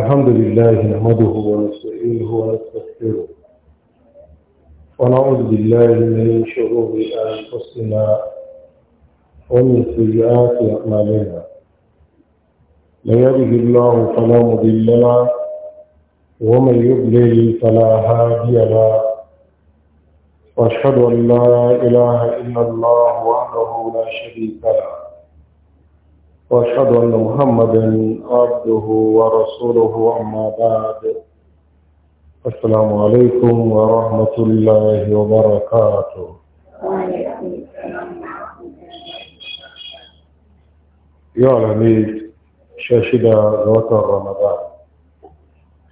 الحمد لله نحمده ونستعينه ونستغفره ونعوذ بالله من شرور انفسنا ومن سيئات اعمالنا من يهده الله فلا مضل له ومن يضلل فلا هادي له واشهد ان لا اله الا الله وحده لا شريك له وأشهد أن محمدا عبده ورسوله أما بعد السلام عليكم ورحمة الله وبركاته يا العميد شاشدة ذات رمضان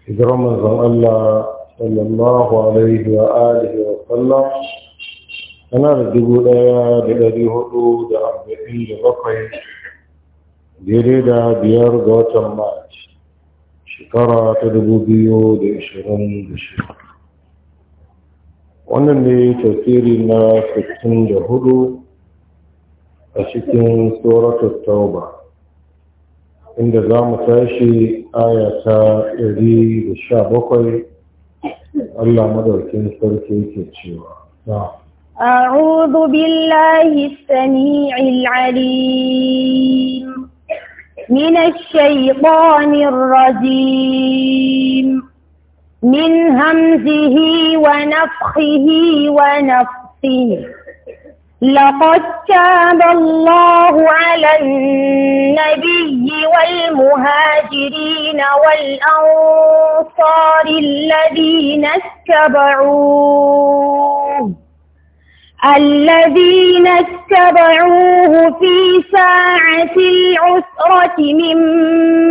إذ رمضان الله صلى الله عليه وآله وسلم أنا ردبوا لها بلدي هدود أربعين لبقيت daidai da biyar ga watan march shekara ta dubu biyu da ishirin da shida wannan ne tasiri na sittin da hudu a cikin tsoratar tauba inda za mu tashi aya ta ɗari da sha bakwai allah madaukin sarki ke cewa أعوذ بالله السميع العليم من الشيطان الرجيم من همزه ونفخه ونفخه لقد تاب الله على النبي والمهاجرين والأنصار الذين اتبعوه الذين اتبعوه في ساعة العسرة من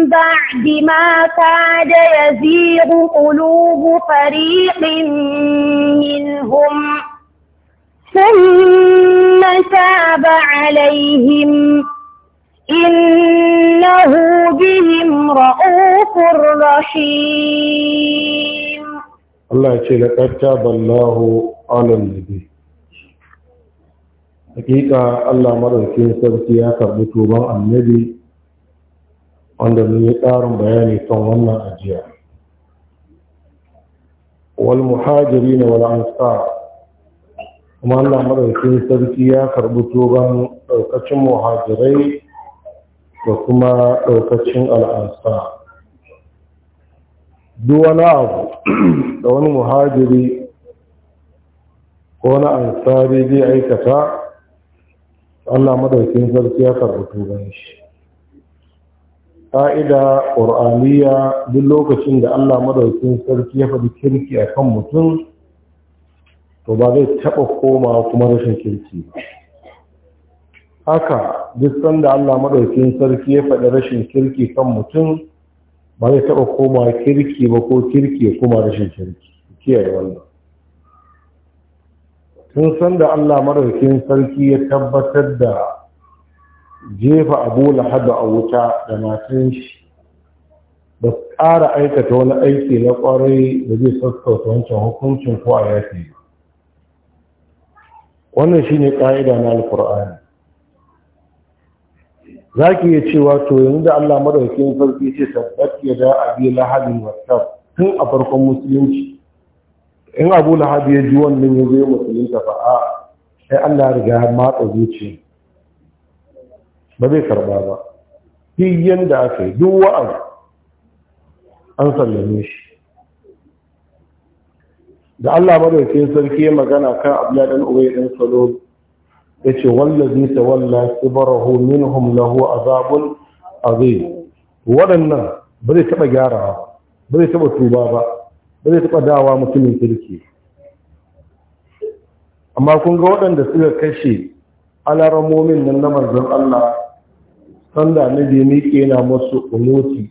بعد ما كاد يزيغ قلوب فريق منهم ثم تاب عليهم إنه بهم رؤوف رحيم الله يتلقى تاب الله على النبي hakika Allah maɗaukin sarki ya karbi tuban annabi wanda mun yi ƙarin bayani kan wannan ajiya wal muhajirin wal ansar kuma Allah maɗaukin sarki ya karbi tuban daukacin muhajirai da kuma daukacin al'ansa duk wani abu da wani muhajiri ko na ansari zai aikata Allah madaukin sarki ya karɓi tuban shi ƙa'ida ƙur'aniya duk lokacin da Allah madaukin sarki ya faɗi kirki a kan mutum to ba zai taɓa komawa kuma rashin kirki ba haka duk sanda Allah madaukin sarki ya faɗi rashin kirki kan mutum ba zai taɓa koma kirki ba ko kirki ya kuma rashin kirki kiyaye wannan sun san da Allah maraukin sarki ya tabbatar da jefa abu lahaba a wuta da matan shi da ƙara aikata wani aiki na ƙwarai da zai sassauta wancan hukuncin ko a yafi wannan shi ne ƙa'ida na alkur'ani za ki iya cewa to yanzu da Allah madaukakin sarki ce tabbat ya da abi lahabin wasaf tun a farkon musulunci in abu lahabi ya ji wannan ya zai ta, ba a sai allah riga matsa zuci ba zai karba ba yin yanda aka yi duk wa'an an sallame shi da allah madaukin sarki ya magana kan abladan ubai ɗan salo ya ce wallazi ta walla sibarahu minhum lahu azabun azim waɗannan ba zai taɓa ba, ba zai taɓa tuba ba ba zai taɓa dawa mutumin kirki amma kun ga waɗanda suka kashe alaramomin nan na manzon Allah sanda na je miƙe na masu umuti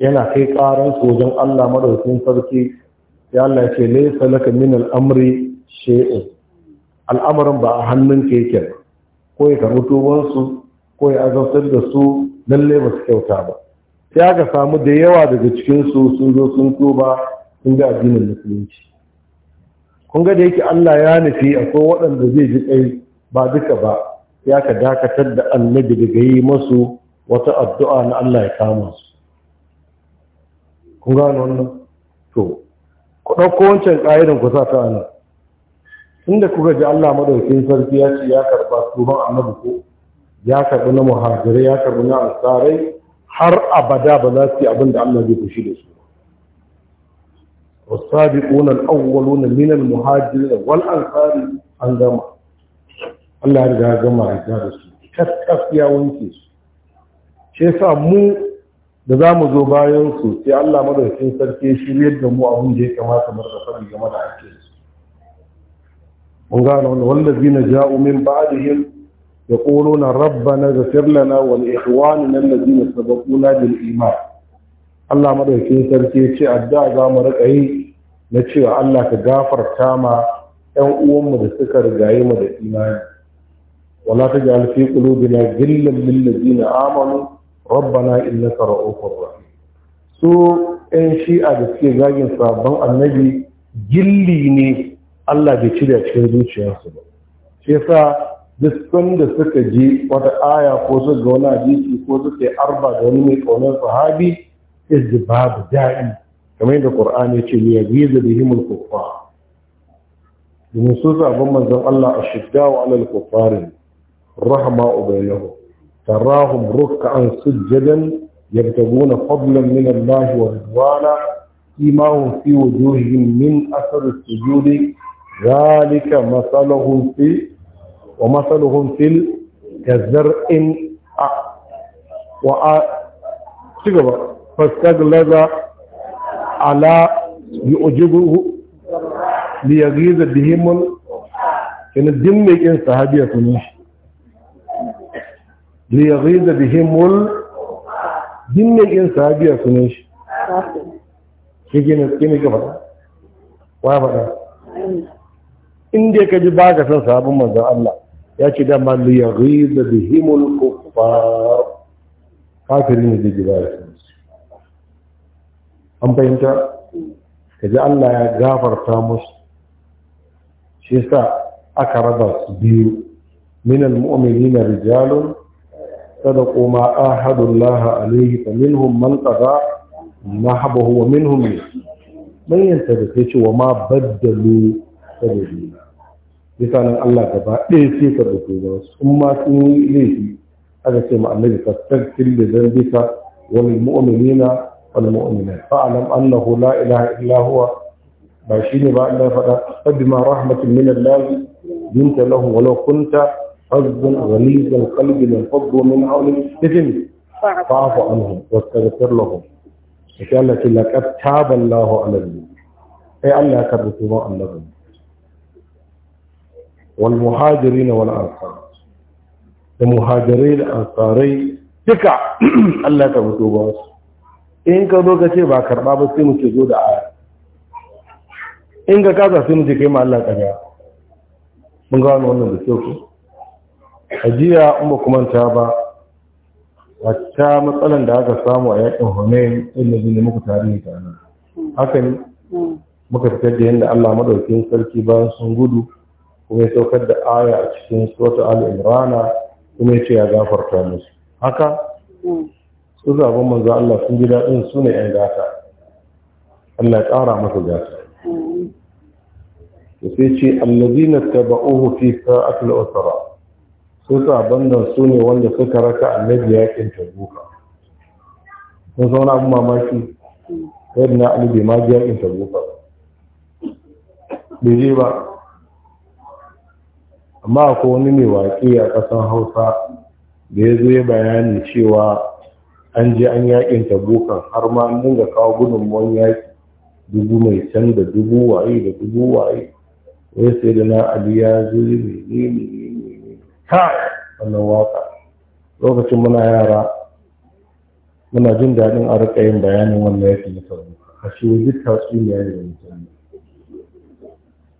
yana kai ƙaran sojan Allah madaukin sarki ya Allah ce laisa laka min al'amri al'amarin ba a hannun keken, ko ya karɓi tubansu ko ya azabtar da su lalle ba su kyauta ba Ya ga samu da yawa daga cikinsu sun zo sun tuba kun ga addinin musulunci kun ga da yake Allah ya nufi a ko waɗanda zai ji kai ba duka ba ya ka dakatar da annabi daga yi masu wata addu'a na Allah ya kama su kun gano wannan to ku ɗauko wancan ƙa'idan ku sa ta ana inda kuka ji Allah madaukakin sarki ya ce ya karɓa tuban annabi ko ya karɓi na muhajirai ya karɓi na ansarai har abada ba za su yi abin da Allah zai fushi da su والسابقون الأولون من المهاجرين والأنصار an gama Allah ya riga gama riga da su kaskaf ya wanke su shi yasa mu da za mu zo bayan su sai Allah madaukakin sarki shiryar da mu abin da ya kamata mu da fadi game da ake su mun gano wannan wallazina ja'u min ba'dihim yaquluna rabbana ighfir lana wa li ikhwanina alladhina sabaquna bil iman Allah madaukakin sarki ya ce adda za mu riƙa yi na cewa Allah ka gafarta ma 'yan uwanmu da suka rigaye mu da imani wala taj'al fi qulubina ghillan lil ladina amanu rabbana na sara'ofar ba. su ɗan shi'a da suke zagin sabon annabi gilli ne Allah bai cire cikin zuciyarsu ba shi yasa duk sanda suka je wata aya ko su ga wani hadisi ko suka yi arba da wani mai ƙaunar sahabi izdi babu da'i kamar yadda qur'ani ya ce li yabizu bihim al-kuffar domin su zaɓin manzon Allah a shidda wa alal kufarin rahama ubainahu tarahum ruk'an sujjadan yabtaguna fadlan min Allah wa ridwana imahum fi wujuhihim min athar as-sujudi ذلك مثلهم في ومثلهم في كزرع وأ... fastaglaza ala yu'jibuhu li yaghiza bihim in din mai kin sahabiya shi li yaghiza bihim din mai shi inda ka ji baka san sabon manzon Allah ya ce dama li yaghiza bihim al kuffar kafirin da gida an fahimta ka ji Allah ya gafarta musu shi sa aka raba su biyu min almu'minina rijalun sadaqu ma ahadullah alayhi fa minhum man qada nahabahu wa minhum man yantabi ce wa ma baddalu sabila bisa nan Allah gaba ɗaya sai ka da tuba sun ma sun yi laifi aka ce ma annabi fastakil da zambika wal mu'minina والمؤمنات فاعلم أنه لا إله إلا هو باشين بقى الله فقدم رحمة من الله دنت له ولو كنت حزبا غليظ القلب من فضل من حول السجن فاعف عنهم واستغفر لهم إن شاء الله تاب الله على الدين أي الله كرتوا النبي والمهاجرين والأنصار المهاجرين الأنصاري تكع الله كرتوا in ka zo ka ce ba karɓa ba sai mu zo da aya in ka kasa sai mu kai ma Allah ƙarya mun ga wannan da kyau ko ajiya in ba kuma ta ba wata matsalan da aka samu a yakin Hunayn inda ne muku tarihi ta nan haka ne muka fitar da yadda Allah maɗaukin sarki bayan sun gudu kuma ya saukar da aya a cikin suratul al-imran kuma ya ce ya gafarta musu haka su zaɓen manzo Allah sun ji daɗin su ne ‘yan gata Allah ƙara masa gata da sai ce allazina taba'uhu fi sa'atul usra su zaɓen nan su ne wanda suka raka annabi yakin tabuka sun zauna abin mamaki yadda na ali ma ji yakin tabuka bai je ba amma akwai wani mai waƙi a ƙasar hausa da ya zo ya bayani cewa an je an yakin tabukan har ma an dinga kawo gudunmuwan yaki dubu mai can da dubu waye da dubu waye wai sai da na ali ya zo ne ne ne ha wannan waka lokacin muna yara muna jin daɗin a rika yin bayanin wannan yakin na tabuka a shi wani duk tatsuniya ne tsanani.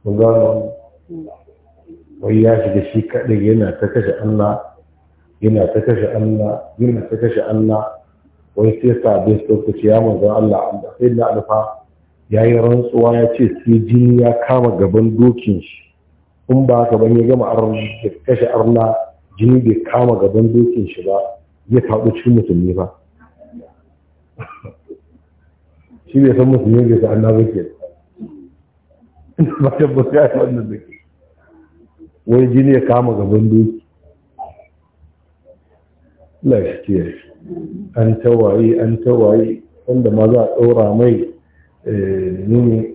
ku gano wai ya shiga shi kaɗai yana ta kashe Allah yana ta kashe Allah yana ta kashe Allah wai sai sabe su ku ce ya manzon Allah Allah sai da alfa yayi rantsuwa ya ce sai jini ya kama gaban dokin shi in ba haka ban ya gama arna kashe arna jini bai kama gaban dokin shi ba ya faɗo cikin musulmi ba shi bai san musulmi bai san annabi ke ba ta buka wannan da wai jini ya kama gaban doki Allah shi an tawaye an tawaye wanda ma za a ɗora mai nuni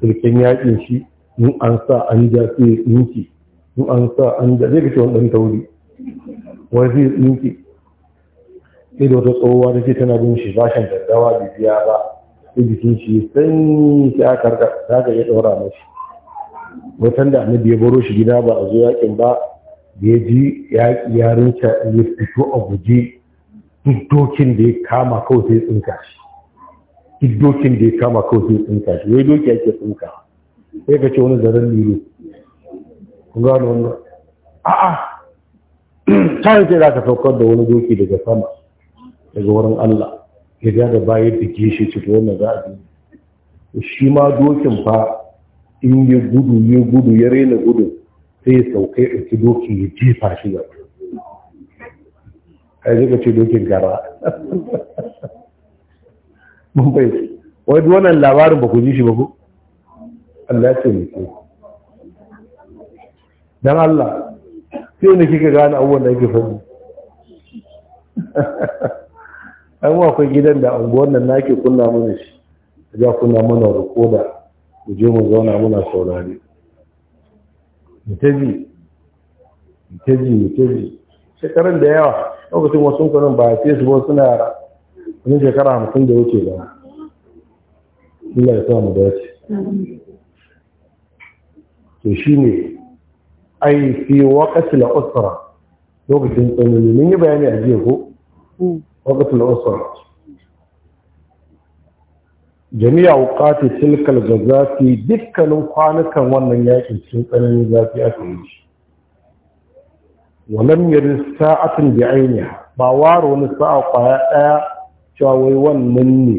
turken yakin shi in an sa an ja sai ninki in an sa an ja zai kashe wani tauri wani zai ninki sai da wata tsohuwa da ke tana bin shi bashin daddawa da biya ba sai jikin shi sanyi sai aka karka za ka iya ɗora mashi wata da annabi ya baro shi gida ba a zo yakin ba da ya ji yaƙi ya rinca ya fito a guje duk dokin da ya kama kawai sai tsinka shi duk dokin da ya kama kawai sai tsinka shi wai doki ake tsinka sai ka ce wani zaren lilo kun gano wannan a'a ta yi za ka saukar da wani doki daga sama daga wurin Allah ya ga da bayan da gishi ci wannan za a bi shi ma dokin fa in ya gudu ya gudu ya rena gudu sai ya saukai ɗauki doki ya jefa shi gaba kai zai ce dokin gara mun wai wannan labarin ba ku ji shi ba ku Allah ce ne ke dan Allah sai ne kika gane abubuwan da yake faɗi an akwai gidan da anguwan nan nake kunna mana shi ga kunna mana rikoda mu je mu zauna muna saurare mutaji mutaji mutaji shekaran da yawa lokacin wasu kunan ba fiye su ba suna Wani shekara hamsin da wuce ba Allah ya samu dace to shi ne ai fi waƙasi la usra lokacin tsanani mun yi bayani a jiya ko waƙasi la usra jami'a wuƙati tilkal ga zafi dukkanin kwanukan wannan yakin cikin tsananin zafi aka yi shi walam yari sa'atin bi ainiha ba waro wani sa'a kwaya daya cewa wai wannan ne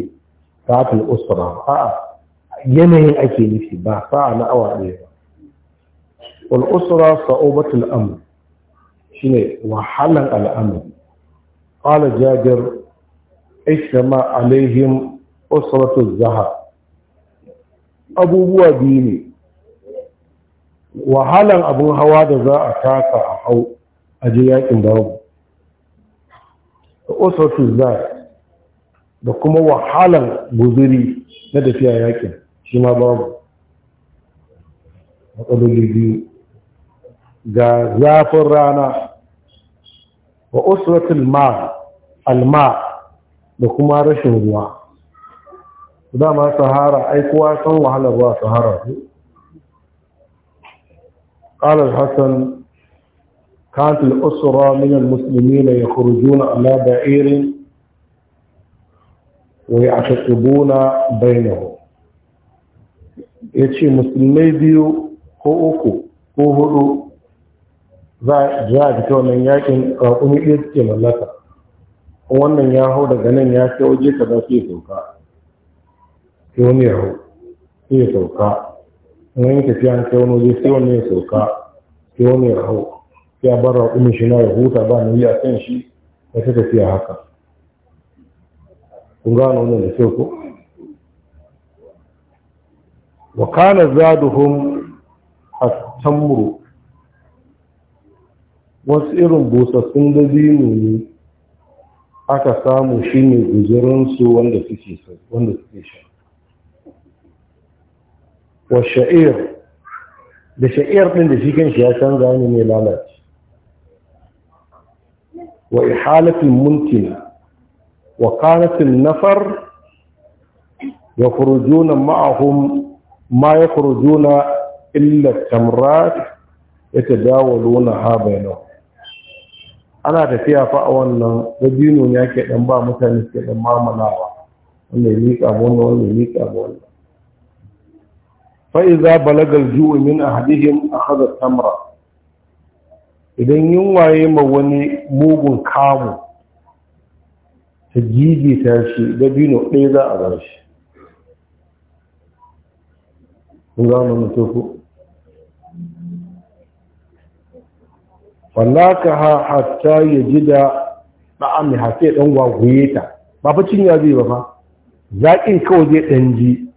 sa'atul usra a'a yanayin ake nufi ba sa'a na awa ɗaya ba wal usra sa'ubatul amr shine wahalan al'amr qala jabir ishtama alaihim usratu zahab abubuwa biyu ne wahalan abun hawa da za a taka a hau a ji yakin babu da za da kuma wahalan guzuri na tafiya yaƙin shi ma babu matsaloli biyu ga zafin rana wa ma alma da kuma rashin ruwa dama sahara ai kuwa san wahalar ruwa sahara su ƙalar hasan كانت الأسرة من المسلمين يخرجون على بعير ويعتقبون بينهم yace musulmai biyu ko uku ko hudu za a fita wannan yakin raƙumi ɗaya suke mallaka wannan ya hau daga nan ya ce waje ka za su sauka sai wani ya hau sauka waje sai wani ya sauka sai wani ya hau ya bar raƙumin shi na ya huta ba ni a kan shi ya ta tafiya haka kun gano wannan da kyau ko wa kana zaduhum at-tamru wasu irin busassun dabino ne aka samu shi ne guzurinsu wanda suke wanda suke sha wa sha'ir da sha'ir ɗin da shi kan shi ya canza ne mai lalace wa ihalatin muntina wa kanatin nafar ya furujuna ma'ahum ma ya furujuna illa tamrat ya ta dawaluna ha bayanau ana tafiya fa a wannan dabino ya ke dan ba mutane ke dan mamalawa wanda ya miƙa wannan wanda ya miƙa tamra idan yunwa ya ma wani mugun kamu ta gigita shi dabino ɗaya za a ba shi za zama mutuku wallaka ha hatta ya ji da ɗa'ami hatta ya ɗan gwagwaye ta ba fa cinya zai ba fa zaƙin kawai zai ɗan ji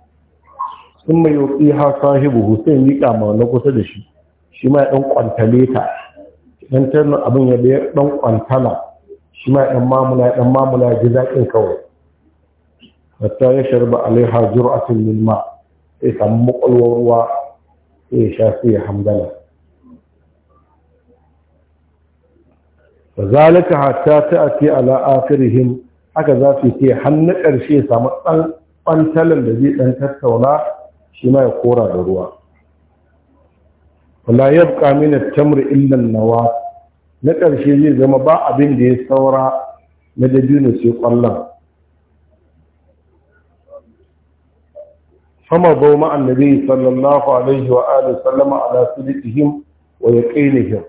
sun mai yau ƙi ha sahibu hussein yi ƙama na kusa da shi shi ma ya ɗan kwantale ta idan ta abin ya bayar ɗan kwantala shi ma ɗan mamula ɗan mamula ya ji zaƙin kawai hatta ya sharba alaiha jur'atun min ma sai samu makwalwar ruwa sai ya sha sai ya hamdala fazalika hatta ta'ati ala akhirihim haka za su ke har na ƙarshe samu ɗan kwantalan da zai ɗan tattauna shi ma ya kora da ruwa wala yabqa min at-tamr illan nawa na ƙarshe zai zama ba abin da ya saura na dabino sai ƙwallon fama bau ma annabi sallallahu alaihi wa alihi sallama ala sidiqihim wa yaqinihim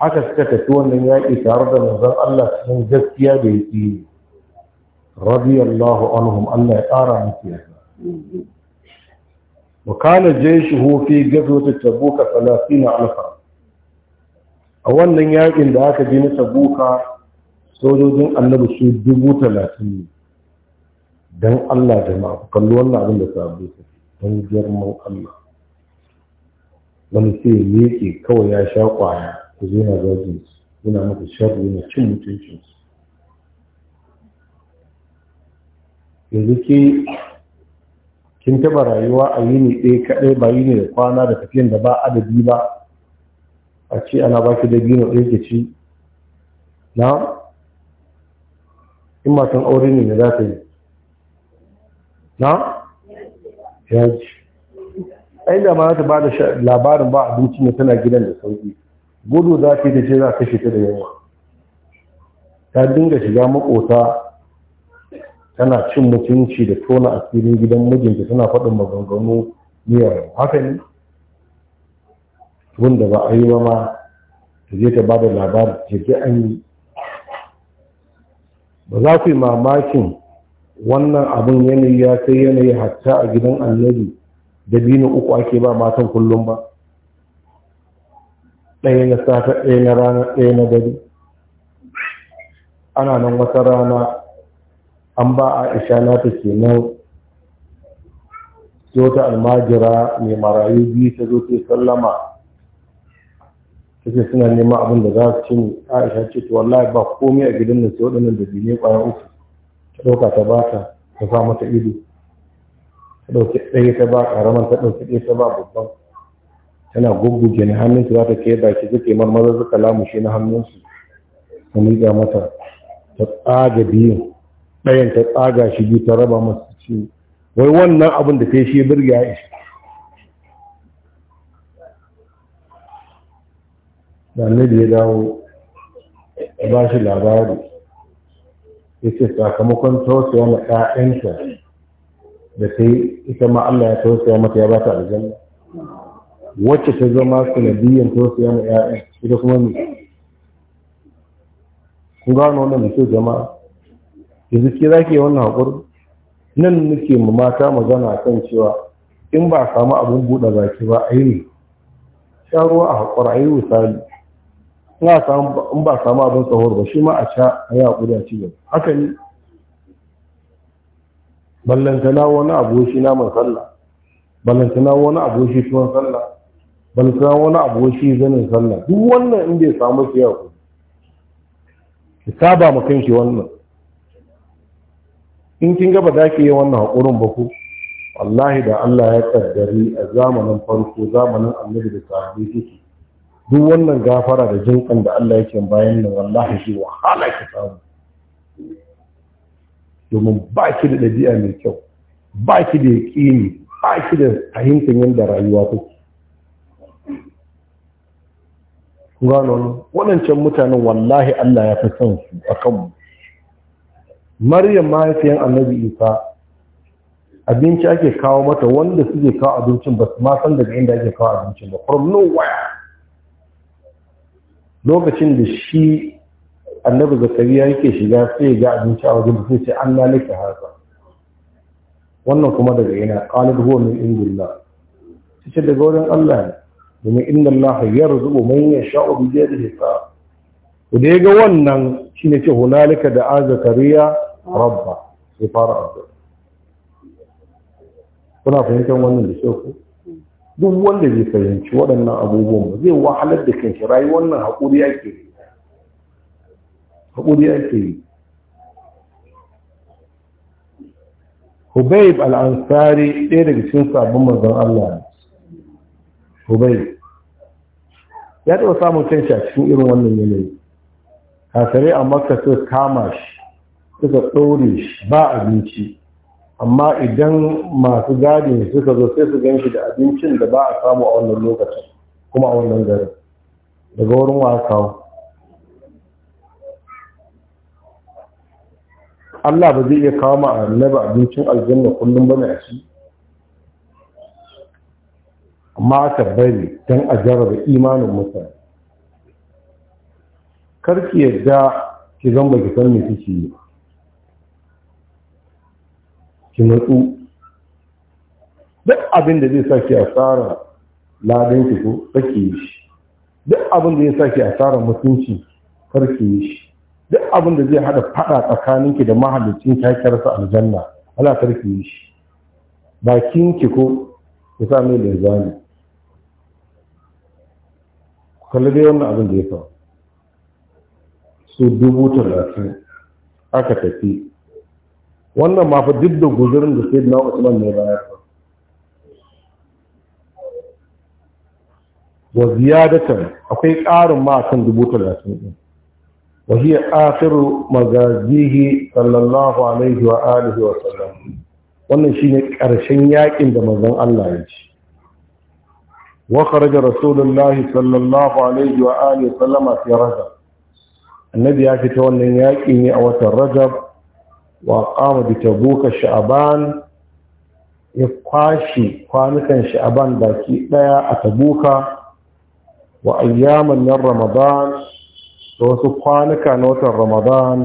haka suka tafi wannan yaƙi tare da manzon Allah cikin gaskiya da yaƙini radiyallahu anhum Allah ya ƙara musu yarda wakana jeshuhu fi gazotu tabuka 30 alfa a wannan yakin da aka bi na buka sojojin annabi su dubu talatin ne don allah jama'a ku kalli wannan abin da sabu su don girman allah wani sai leke kawai ya sha kwaya ku zo na zagin su yana maka sharri na cin mutuncinsu yanzu kin taba rayuwa a yini ɗaya kaɗai ba yini da kwana da tafiyan da ba adadi ba a ce ana ba ki da biyu ɗaya ke ci na in matan aure ne da za ta yi na ya ji ai da ma ta ba da labarin ba abinci ne tana gidan da sauki gudu za ta yi da ce za ta kashe ta da yawa ta dinga shiga makota tana cin mutunci da tona asirin gidan mijinta tana faɗin maganganu miyar haka ne wanda ba a yi ba ma ta je ta ba da labarin jirgi an yi ba za ku yi mamakin wannan abin yanayi ya kai yanayi hatta a gidan annabi da binin uku ake ba matan kullum ba ɗaya na safe ɗaya na rana ɗaya na dare ana nan wata rana an ba a isha nata kenan sai wata almajira mai marayu biyu ta zo ta sallama ta ce suna neman abin da za su ci ne aisha ce to wallahi ba komai a gidan da sai waɗannan da biyu ne ƙwaya uku ta ɗauka ta ba ta ta sa mata ido ta ɗauki ɗaya ta ba ƙaraman ta ɗauki ɗaya ta ba babban tana gugguje na hannunsu za ta kai baki suke marmarar suka lamushe na hannunsu ta miƙa mata ta tsaga biyun ɗayan ta tsaga shi biyu ta raba masu ciwo wai wannan abin da yi shi birga ya ishi da annabi ya dawo ba shi labari ya ce sakamakon tausaya na ɗa'yanta da ta yi ita ma Allah ya tausaya mata ya ba ta aljanna wacce ta zama sanadiyyar tausaya na ‘ya'ya ita kuma ne kun gano wannan da jama'a yanzu ke za ki yi wannan haƙuri nan nake mu mata magana kan cewa in ba a samu abin buɗe baki ba a yi ne sha ruwa a haƙur, a yi misali in ba a samu abin tsawar ba shi ma a sha a yi haƙuri a ci gaba haka ne ballantana wani abu shi naman sallah ballantana wani abu shi tuwon sallah ballantana wani abu shi zanin sallah duk wannan in bai samu shi ya ku ki saba ma kanki wannan in kin ga za ki yi wannan haƙurin ba ku wallahi da Allah ya kaddari a zamanin farko zamanin annabi da sahabi suke duk wannan gafara da jinkan da Allah yake bayan nan wallahi shi wahala ki samu domin ba ki da ɗabi'a mai kyau ba ki da yaƙini ba ki da fahimtar yadda rayuwa ta ke gano waɗancan mutanen wallahi Allah ya fi son su a kanmu maryam sayan annabi isa abinci ake kawo mata wanda suke kawo abincin ba su ma san daga inda ake kawo abincin ba from nowhere lokacin da shi annabi zakariya yake shiga sai ga abinci a wajen sai ce an lalaka haka wannan kuma daga ina qalid huwa min indillah sai daga wurin Allah ne domin inna Allah yarzuqu man yasha'u bi yadihi sa da ga wannan shine ce hunalika da zakariya rabba sai fara addu'a kuna fahimtar wannan da shauku duk wanda bai fahimci waɗannan abubuwan ba zai wahalar da kanshi rayuwar nan haƙuri ake yi haƙuri ake yi Hubayb al'ansari ɗaya daga cikin sabon manzon Allah Hubayb ya taɓa samun kanshi a cikin irin wannan yanayi kasare a makka suka kama shi suka ɗaure ba abinci amma idan masu gadi suka zo sai su gan shi da abincin da ba a samu a wannan lokacin kuma a wannan garin daga wurin wa Allah ba zai iya kawo ma annabi abincin aljanna kullum ba a shi? amma aka bari don a jarraba imanin mutane karki yadda ki zan baki san me kike yi ki matsu duk abin da zai saki a tsara ladan ki ko sake yi shi duk abin da zai saki a tsara mutunci karki yi shi duk abin da zai hada fada tsakanin ki da mahallicin kakiyar sa aljanna Allah karki yi shi bakin ki ko ku sa mai linzami kalli dai wannan abin da ya faru su dubu talatin aka tafi wannan ma fa duk da guzurin da na Usman ne bayar wa ziyadatan akwai ƙarin ma kan dubu talatin ɗin wa hiya akhiru magazihi sallallahu alaihi wa alihi wa sallam wannan shine ƙarshen yakin da manzon Allah ya ci wa kharaja rasulullah sallallahu alaihi wa alihi wa sallama fi rajab annabi ya fita wannan yakin ne a watan rajab wa kama bi tabuka sha'aban ya kwashe kwanukan sha'aban baki ɗaya a tabuka wa ayyaman nan ramadan da wasu kwanuka na watan ramadan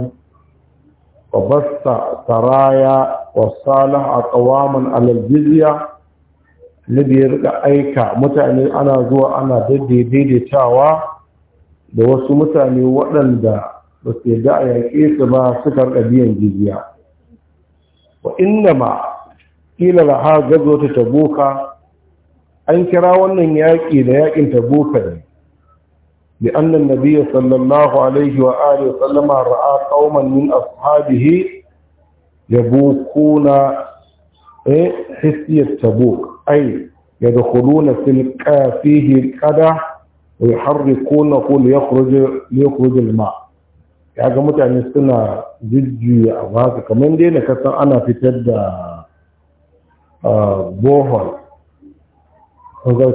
wa basta saraya wa salah a tsawaman alaljiziya nabi ya rika aika mutane ana zuwa ana daidaitawa da wasu mutane waɗanda ba su yadda a yaƙe su ba su karɓa biyan jizya ba inda ma ƙila da ha gazo ta taboka an kira wannan yaƙi da yaƙin taboka ne bi annan nabiya sallallahu alaihi wa alihi sallama ra'a qauman min ashabihi ya bukuna eh hisiyat tabuk ay yadkhuluna fil qafihi qada ويحرقونه كل يخرج ليخرج الماء ya ga mutane suna jujjuya a baka kamar dai na kasan ana fitar da bohol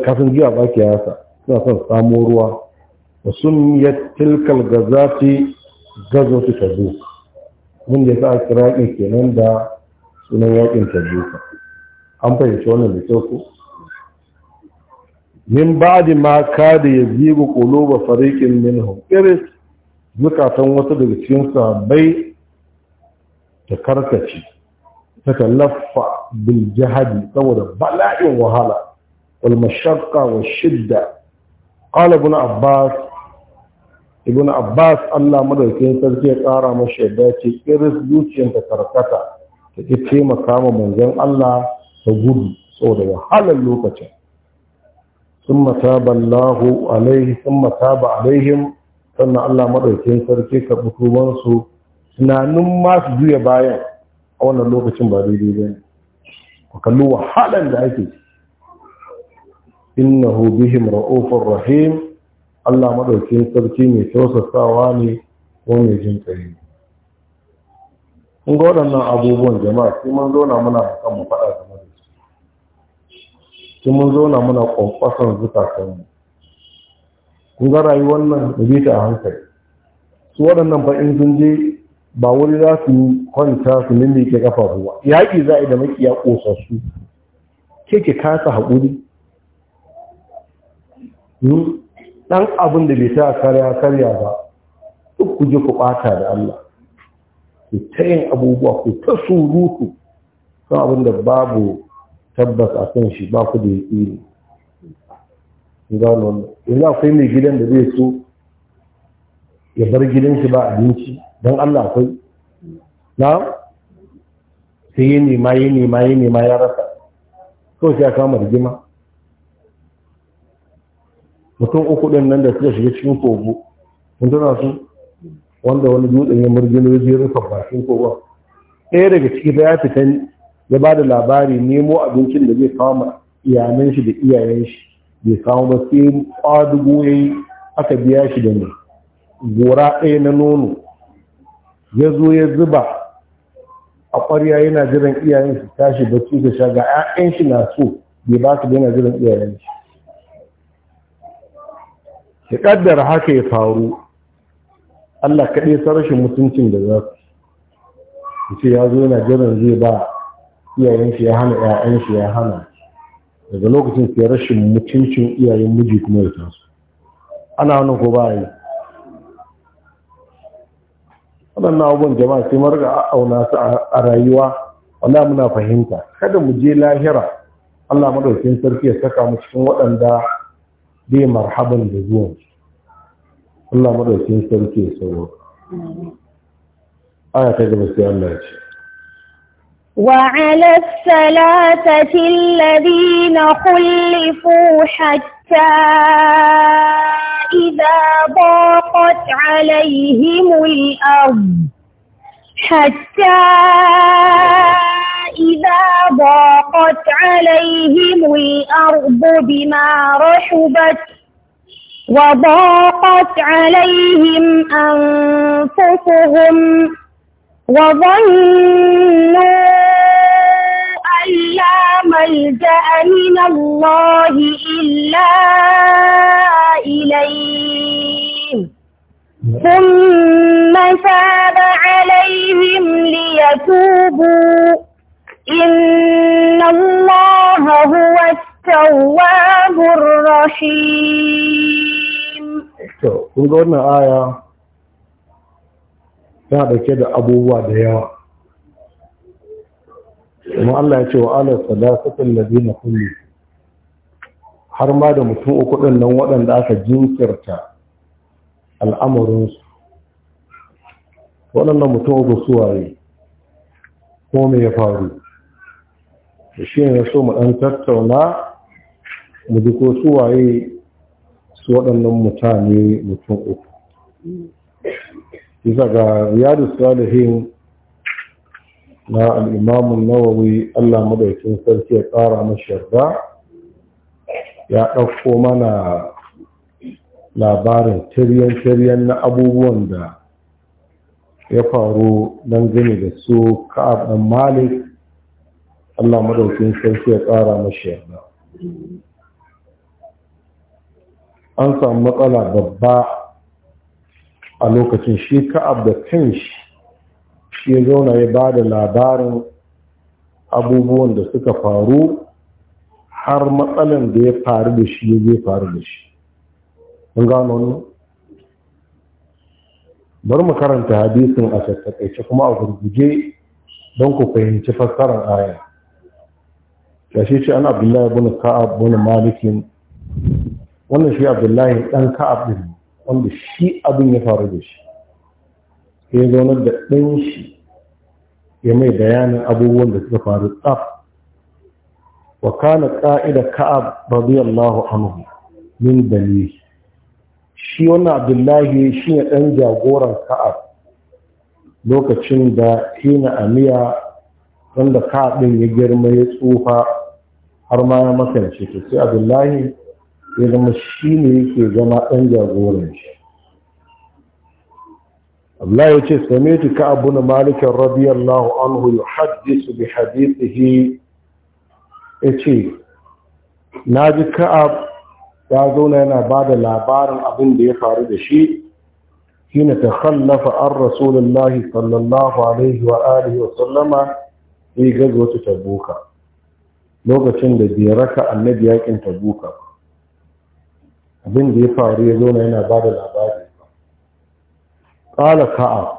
kasan jiya baki ya sa suna son samun ruwa da sun yi tilkal zafi gazo su tabu wanda ya sa kira yakin kenan da sunan yakin tabu an fahimci wannan da kyau ko min da ma kada yazigu ba fariqin minhum iris zukatan wasu daga cikin sahabbai ta karkace ta kallafa bil jihadi saboda bala'in wahala wal mashaqqa wa shidda qala ibn abbas ibn abbas Allah madaukakin sarki ya tsara masa yadda ce iris zuciyar ta karkata ta ki taimaka ma manzon Allah ta gudu saboda wahalar lokacin ثم تاب الله عليه ثم تاب sannan Allah madaukin sarki ka su tunanin ma juya bayan a wannan lokacin ba daidai ba ne ku kalli wahalan da ake innahu bihim ra'ufur rahim Allah maɗaukin sarki mai tausasawa ne ko mai jin ƙari kun ga waɗannan abubuwan jama'a sai mun zauna muna kan mu faɗa da su sai mun zauna muna ƙwanƙwasan zukatanmu kun ga rayuwar nan da bi ta a hankali su waɗannan fa'in sun je ba wuri za su kwanta su ke kafa ruwa yaƙi za a yi da makiya ƙosassu ke ke kasa haƙuri hmm? ɗan abin da bai ta karya karya ba duk ku je ku ɓata da Allah ku ta yin abubuwa ku ta surutu kan abin da babu tabbas a kan shi ba ku da yaƙi ne gano wannan yanzu akwai mai gidan da zai so ya bar gidan shi ba abinci don Allah akwai na sai ya nema ya nema ya nema ya rasa kawai sai ya kama rigima mutum uku ɗin nan da suka shiga cikin kogo mun tana su wanda wani dutsen ya murgino ya je rufe bakin kogon ɗaya daga ciki ta ya fita ya ba da labari nemo abincin da zai kama iyalan shi da iyayen shi bai kawo ba sai kwadugo ya yi aka biya shi da ne gora ɗaya na nono ya zo ya zuba a ƙwarya yana jiran iyayen su tashi bacci da sha ga 'ya'yan shi na so bai ba su yana jiran iyayen shi ya ƙaddara haka ya faru Allah kaɗai sa rashin mutuncin da za su ce ya zo yana jiran zai ba iyayen shi ya hana 'ya'yan shi ya hana daga lokacin sai rashin mutuncin iyayen miji kuma ya taso ana wani ko ba yi waɗannan abubuwan jama'a sai marga a auna su a rayuwa wanda muna fahimta kada mu je lahira Allah madaukakin sarki ya saka mu cikin waɗanda bai marhaban da zuwan Allah madaukakin sarki ya sauro aya ta gaba sai Allah وعلى الثلاثة الذين خلفوا حتى إذا ضاقت عليهم الأرض حتى إذا ضاقت عليهم الأرض بما رحبت وضاقت عليهم أنفسهم وظنوا أن لا ملجأ من الله إلا إليه ثم تاب عليهم ليتوبوا إن الله هو التواب الرحيم. kun ga wannan ta dauke da abubuwa da yawa kuma Allah ya ce wa ala sadaqatul ladina kullu har ma da mutum uku din nan waɗanda aka jinkirta al'amarin su waɗannan mutum uku su waye ko me ya faru shi ne so mu ɗan tattauna mu ji ko waye su waɗannan mutane mutum uku bisa ga riyadu salihin na al'imamun nawawi Allah madaukin sarki ya tsara mashirga ya ɗauko mana labarin tiryan-tiryan na abubuwan da ya faru don gani da su ka'ab ɗan malik Allah madaukin sarki ya tsara mashirga an samu matsala babba a lokacin shi ka'ab da kanshi shi ya zauna ya ba da labarin abubuwan da suka faru har matsalan da ya faru da shi ya zai faru da shi mun gano ne bari mu karanta hadisin a tattakaice kuma a gurguje don ku fahimci fassarar aya shi ce an abdullahi bin ka'ab bin malikin wannan shi abdullahi dan ka'ab din wanda shi abin ya faru da shi ya zaunar da ɗan shi ya mai bayanin abubuwan da suka faru tsaf wa kana ƙa'ida ka'ab radiyallahu anhu min dalili shi wannan abdullahi shi ne ɗan jagoran ka'ab lokacin da hina amiya wanda ka'ab ɗin ya girma ya tsufa har ma ya makarce to sai abdullahi ya zama shi ne yake zama ɗan jagoran shi Allah ya ce samitu ka abu na malikin radiyallahu anhu ya su bi hadithihi ya ce na ji ka'ab ya zauna yana ba da labarin abin da ya faru da shi shi na ta hallafa an rasulullahi sallallahu alaihi wa alihi wa sallama ya yi gaza wata lokacin da bai raka annabi yakin tabuka abin da ya faru ya zo yana ba da labari ba ƙala ka'a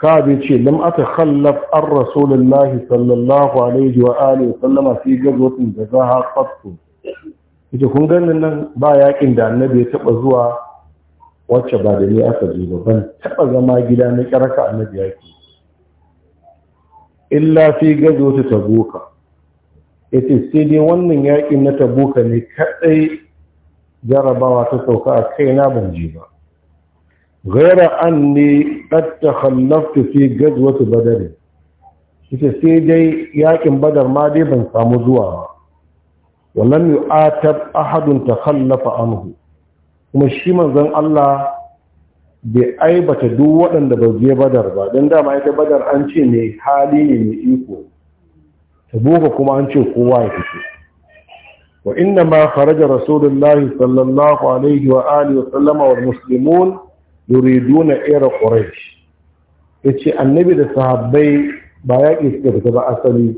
ka'a bai ce lam aka khallaf an lahi sallallahu alaihi wa alihi sallama fi gazotin da za ha fattu ita kun ganin nan ba yakin da annabi ya taɓa zuwa wacce ba da ne aka je ba ban taɓa zama gida na ƙaraka annabi yaki illa fi gazwatu tabuka ita sai dai wannan yakin na tabuka ne kadai jarabawa ta sauka a kaina ban ji ba gaira an ne ɗatta hannafta fi gazwatu badari ita sai dai yakin badar ma dai ban samu zuwa ba wannan yi atab ahadun ta hallafa anhu kuma shi manzan Allah bai aibata duk waɗanda ba je badar ba don dama ita badar an ce mai hali ne mai iko ta buga kuma an ce kowa ya fito وإنما خرج رسول الله صلى الله عليه وآله وسلم والمسلمون يريدون إير قريش يتشي النبي ده صحابي بايك يستغتب أسلي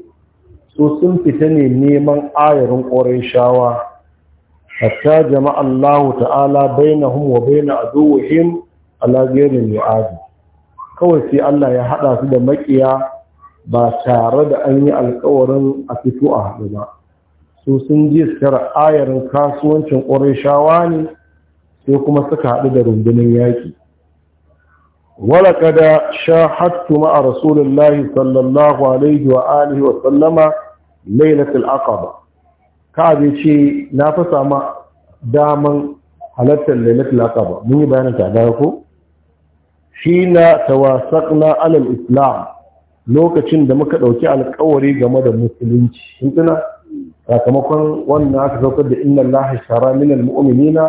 سوسن فتني نيمان آير قريشاوا حتى جمع الله تعالى بينهم وبين عدوهم على غير المعاد kawai sai Allah ya haɗa su da maƙiya ba tare da an yi alƙawarin a fito a haɗu ba su sun ji suka ra'ayarin kasuwancin shawa ne sai kuma suka haɗu da rundunin yaƙi wala kada shahattu ma'a rasulullahi sallallahu alaihi wa alihi wa sallama lailatul aqaba ka bi ce na fasa sama daman halattar lailatul aqaba mun yi bayanin ta da ku shi na na alal islam lokacin da muka ɗauki alƙawari game da musulunci tuna sakamakon wannan aka saukar da inna Allah shara min almu'minina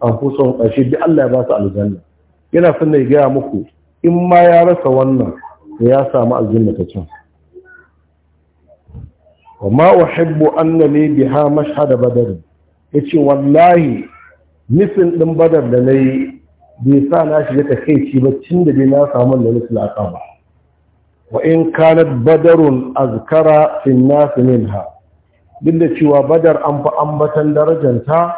anfusuhum qashi bi Allah ya ba su aljanna yana son ne ga muku in ma ya rasa wannan ya samu aljanna ta can wa ma uhibbu annani biha mashhad badar yace wallahi nufin din badar da nayi bai sa na shiga ci ba tun da bai na samu lalisul aqaba wa in kanat badarun azkara fi nas minha duk da cewa badar an fi ambatan darajanta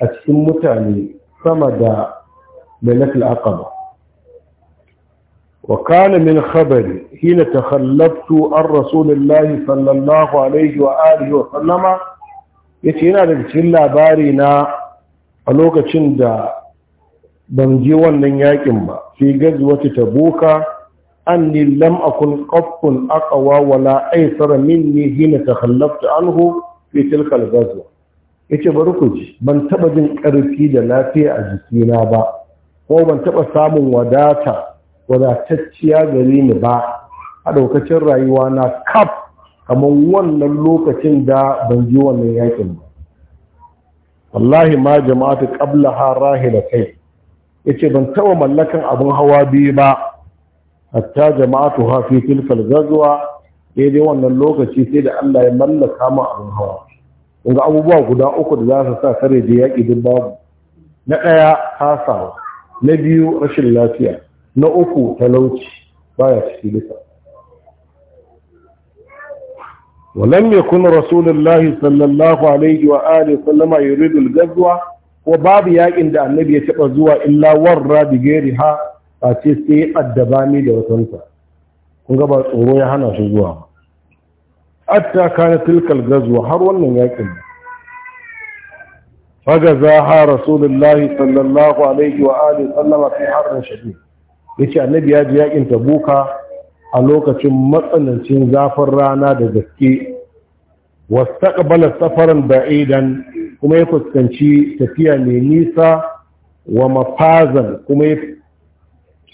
a cikin mutane sama da mailatul aqaba min khabari خبري حين تخلفت عن رسول الله صلى الله عليه وآله وسلم يتينا daga cikin labari na a lokacin da ban je wannan yakin ba sai gazuwata tabuka أني akun أكن قط أقوى min ne hina حين تخلفت عنه في تلك الغزوة yace bari ku ji ban taba jin ƙarfi da lafiya a jikina ba ko ban taba samun wadata wadatacciya gare ni ba a rayuwa na kaf kamar wannan lokacin da ban ji wannan yakin ba wallahi ma jama'atu qablaha rahilatai yace ban taba mallakan abun hawa biyu ba hatta jama'atu ha fi tilkal gazwa daidai wannan lokaci sai da Allah ya mallaka mu abin hawa kun abubuwa guda uku da za su sa kare da yaƙi din babu na ɗaya kasawa na biyu rashin lafiya na uku talauci baya ciki duka ولم يكن رسول الله صلى الله عليه وآله وسلم يريد الغزوة وباب يقين ده النبي يتبع إلا ورى بغيرها a ce sai addaba ni da wasansa kun ga ba tsoro ya hana su zuwa ba hatta kana tilkal gazuwa har wannan yakin fagazaha rasulullahi sallallahu alaihi wa alihi sallama fi harin shadid yace annabi ya ji yakin tabuka a lokacin matsanancin zafin rana da gaske wastaqbala safaran ba'idan kuma ya fuskanci tafiya mai nisa wa mafazan kuma ya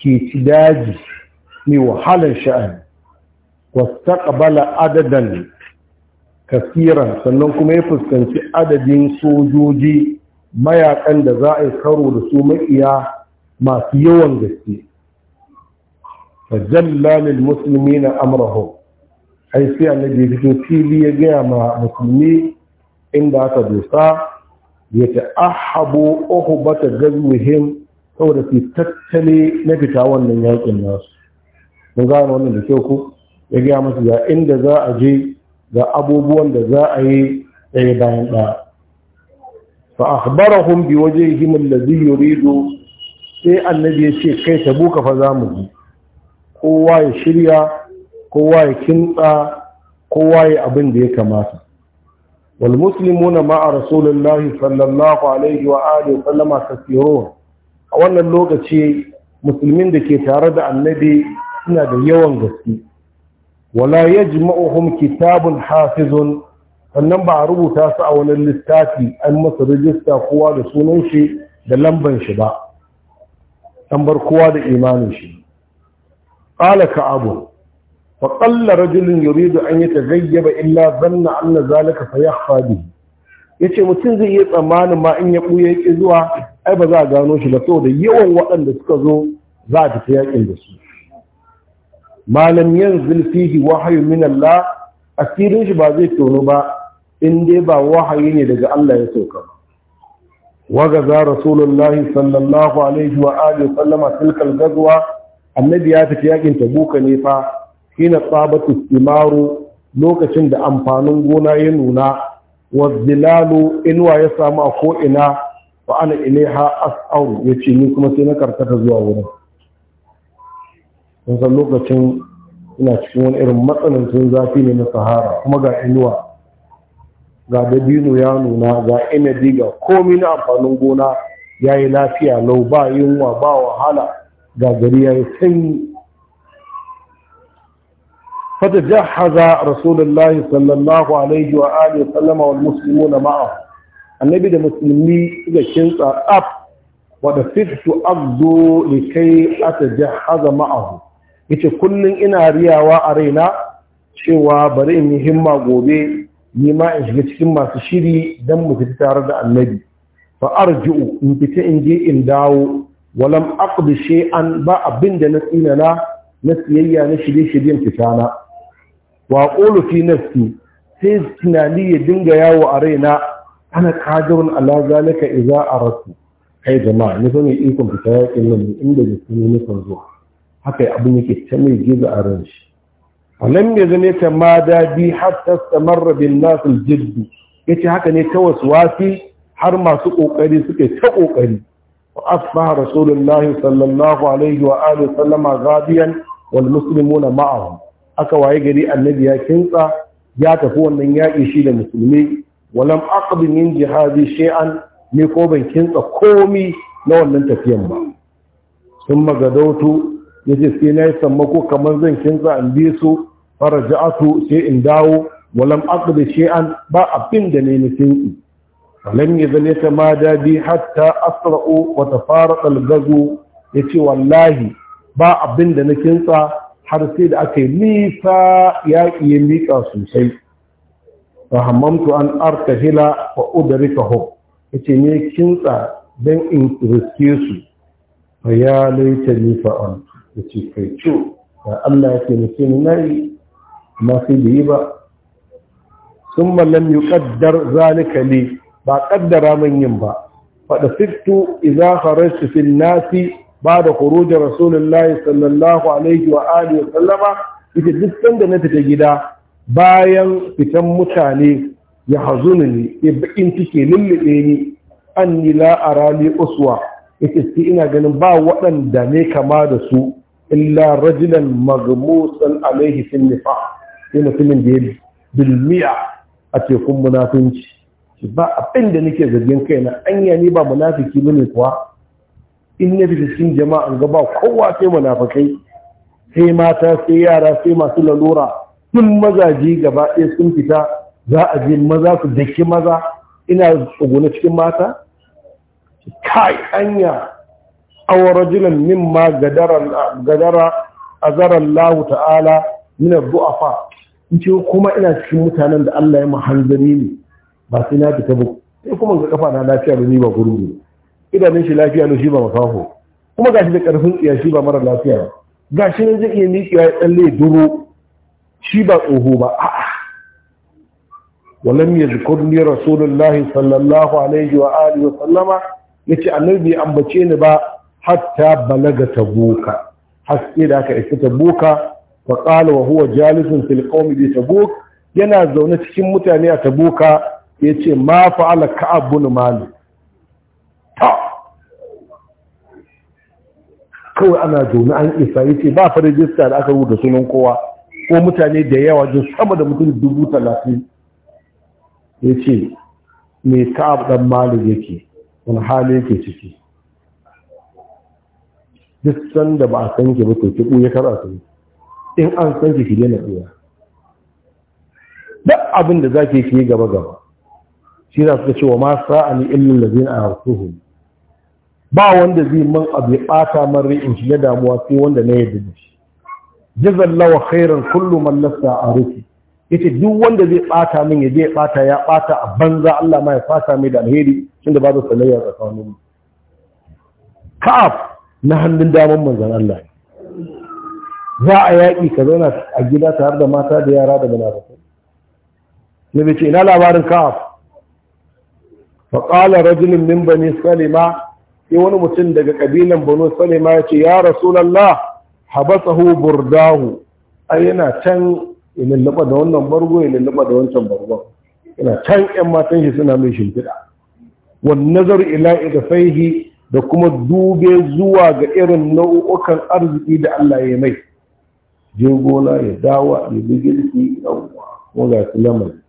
ke ci daji mai wahalar sha'ani wastaƙabala adadan kasiran sannan kuma ya fuskanci adadin sojoji mayakan da za a yi karo da su maƙiya masu yawan gaske fajallalil musulmi na amurahun ai sai annabi fito fili ya gaya ma musulmi inda aka dosa ya ta ahabo ohubata saboda su tattale na fita wannan yakin nasu mun gano wannan da kyau ko ya gaya masu ga inda za a je ga abubuwan da za a yi ɗaya bayan ɗaya fa akhbarahum bi wajhihim alladhi yuridu sai annabi ya ce kai tabuka fa za mu ji kowa ya shirya kowa ya kintsa kowa ya abin da ya kamata wal muslimuna ma'a rasulillahi sallallahu alaihi wa alihi wa sallama kasirun a wannan lokaci musulmin da ke tare da annabi suna da yawan gaske wala yajma'uhum kitabun hafizun sannan ba a rubuta su a wani littafi an masa rijista kowa da sunan shi da lamban shi ba an bar kowa da imanin shi qala ka'abu fa qalla rajulun yuridu an yataghayyaba illa zanna anna zalika fayakhfa bihi ya ce mutum zai iya tsammanin ma in ya ɓuya yake zuwa ai ba za a gano shi ba saboda yawan waɗanda suka zo za a tafi yakin da su malam yan zulfihi wahayu min Allah asirin shi ba zai tono ba in dai ba wahayi ne daga Allah ya sauka ba Wa wagaza rasulullahi sallallahu alaihi wa alihi sallama tilkal gazwa annabi ya tafi yakin tabuka ne fa hina tsabatu imaru lokacin da amfanin gona ya nuna wazilalu inuwa ya samu a ko'ina ba ana ilaiha asau ya ce ni kuma sai na karkata zuwa wurin sun san lokacin ina cikin wani irin matsanancin zafi ne na sahara kuma ga inuwa ga dabino ya nuna ga inabi ga komi na amfanin gona ya yi lafiya lau ba yunwa ba wahala ga gari ya yi sanyi فتجهز رسول الله صلى da musulmi وآله وسلم والمسلمون معه النبي ده مسلمي إذا كنت أب ودفت أبدو لكي أتجهز معه yace kullum ina riyawa a raina cewa bari in yi himma gobe ni ma in shiga cikin masu shiri don mu fita tare da annabi fa arji'u in fita in je in dawo walam aqdi shay'an ba abin da na tsina na na siyayya na shirye shiryen fitana wa qulu fi nafsi sai tunani ya dinga yawo a raina ana qadirun ala zalika a rasu. kai jama'a ni fa mai ikon fita yakin nan inda da sunan nufin zuwa haka abin yake ta mai gizo a ran shi wannan ne zane ta ma dadi har ta samarra bin nasul jiddu ya ce haka ne ta wasu wasi har masu ƙoƙari suke ta ƙoƙari wa asbaha rasulullahi sallallahu alaihi wa alihi sallama gadiyan wal muslimuna ma'ahum aka waye gari annabi ya kintsa ya tafi wannan yaƙi shi da musulmi walam aqdi min jihadi shay'an ne ko ban kintsa komi na wannan tafiyan ba sun magadautu ya ce sai na yi sammako kamar zan kintsa an bi su faraja'atu sai in dawo walam aqdi shay'an ba abin da ne nufin falam ta yatamada bi hatta asra'u wa fara al Ya yace wallahi ba abin da na kintsa har sai da aka yi nisa yaƙi ya miƙa sosai fahimmamtu an arka hila wa udarika hub ya ce ne kintsa don in riske su Ba ya laita ni fa'an ya ce kai ciwo Ba Allah ya ce na yi amma sai da yi ba sun mallam yi ƙaddar zalika ne ba ƙaddara man yin ba faɗa fito iza shi fil nasi ba da kurujin rasulullahi sallallahu alaihi wa wa sallama ita duk sanda na fita gida bayan fitan mutane ya hazuna ne ya bakin cike lullube ni an ni uswa ita ce ina ganin ba waɗanda ne kama da su illa rajulan magmusan alaihi fil nifa sai mutumin da ya bilmiya a tekun munafinci ba abin da nake zargin kaina anya ni ba munafiki bane kuwa in yadda da cikin jama'a ga ba kowa sai munafakai sai mata sai yara sai masu lalura tun mazaje gaba ɗaya sun fita za a je maza su daki maza ina tsuguna cikin mata kai anya aw min mimma gadara gadara azara lahu ta'ala min ad-du'afa ce kuma ina cikin mutanen da Allah ya mahanzari ne ba sai na fita ba sai kuma ga kafa na lafiya ba ni ba gurbi idanun shi lafiya ne shi ba makaho kuma gashi da karfin tsiya shi ba mara lafiya gashi ne zai iya miƙewa ya tsalle duro shi ba tsoho ba a'a walam yadhkurni rasulullahi sallallahu alaihi wa alihi wa sallama ya yace annabi bai ambace ni ba hatta balaga ta boka. haske da aka isa ta fa qala wa huwa jalisun fil qawmi bi tabuk yana zaune cikin mutane a tabuka yace ma fa'ala ka'ab bin malik kawai ana zaune an isa yi ce ba fa rajista da aka rubuta sunan kowa ko mutane da yawa jin sama da mutum dubu talatin ya ce me ka'ab dan malik yake wani hali yake ciki duk sanda ba a san ke ba to ki kara su in an san ki ne na ɗaya duk abin da za ke gaba gaba shi za su ce wa ma sa'ani illal ladina arsuhum ba wanda zai man abu ya bata man ri'in shi na damuwa sai wanda na yadda da shi jazallahu khairan kullu man lasa aruki yace duk wanda zai bata min ya zai bata ya bata a banza Allah ma ya fata mai da alheri tunda babu a tsakanin mu ka'af na hannun daman manzon Allah za a yaƙi ka zauna a gida tare da mata da yara da munafikai nabi ce ina labarin ka'af faƙala rajulun min bani salima sai wani mutum daga kabilan banu salima ya ce ya rasulallah habasahu burdahu ai yana can ya lallaba da wannan bargo ya lallaba da wancan bargo. yana can ƴan matan shi suna mai shimfiɗa wan nazar ila idafaihi da kuma dube zuwa ga irin nau'ukan arziki da Allah ya mai je gona ya dawa ya bi girki yawwa ko ga su lamari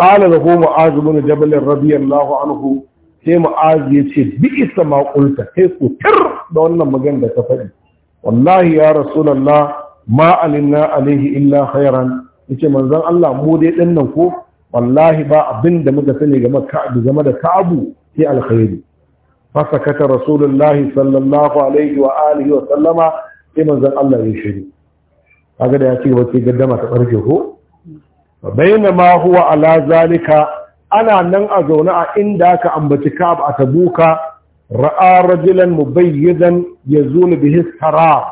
qala lahu mu'az bin jabal radiyallahu anhu sai mu'az yace bi isa ma qulta kai da wannan magana da ta faɗi wallahi ya rasulullah ma alinna alaihi illa khairan yace manzon Allah mu dai din nan ko wallahi ba abin da muka sani game ka'abu game da ka'abu sai alkhairi fasakata rasulullahi sallallahu alaihi wa alihi wa sallama sai manzon Allah ya shiru kaga da ya ci gaba sai gaddama ta barke ko baina ma huwa ala zalika ana nan a zaune a inda aka ambaci kab a tabuka ra'a rajulan mubayyidan yazulu bihi sara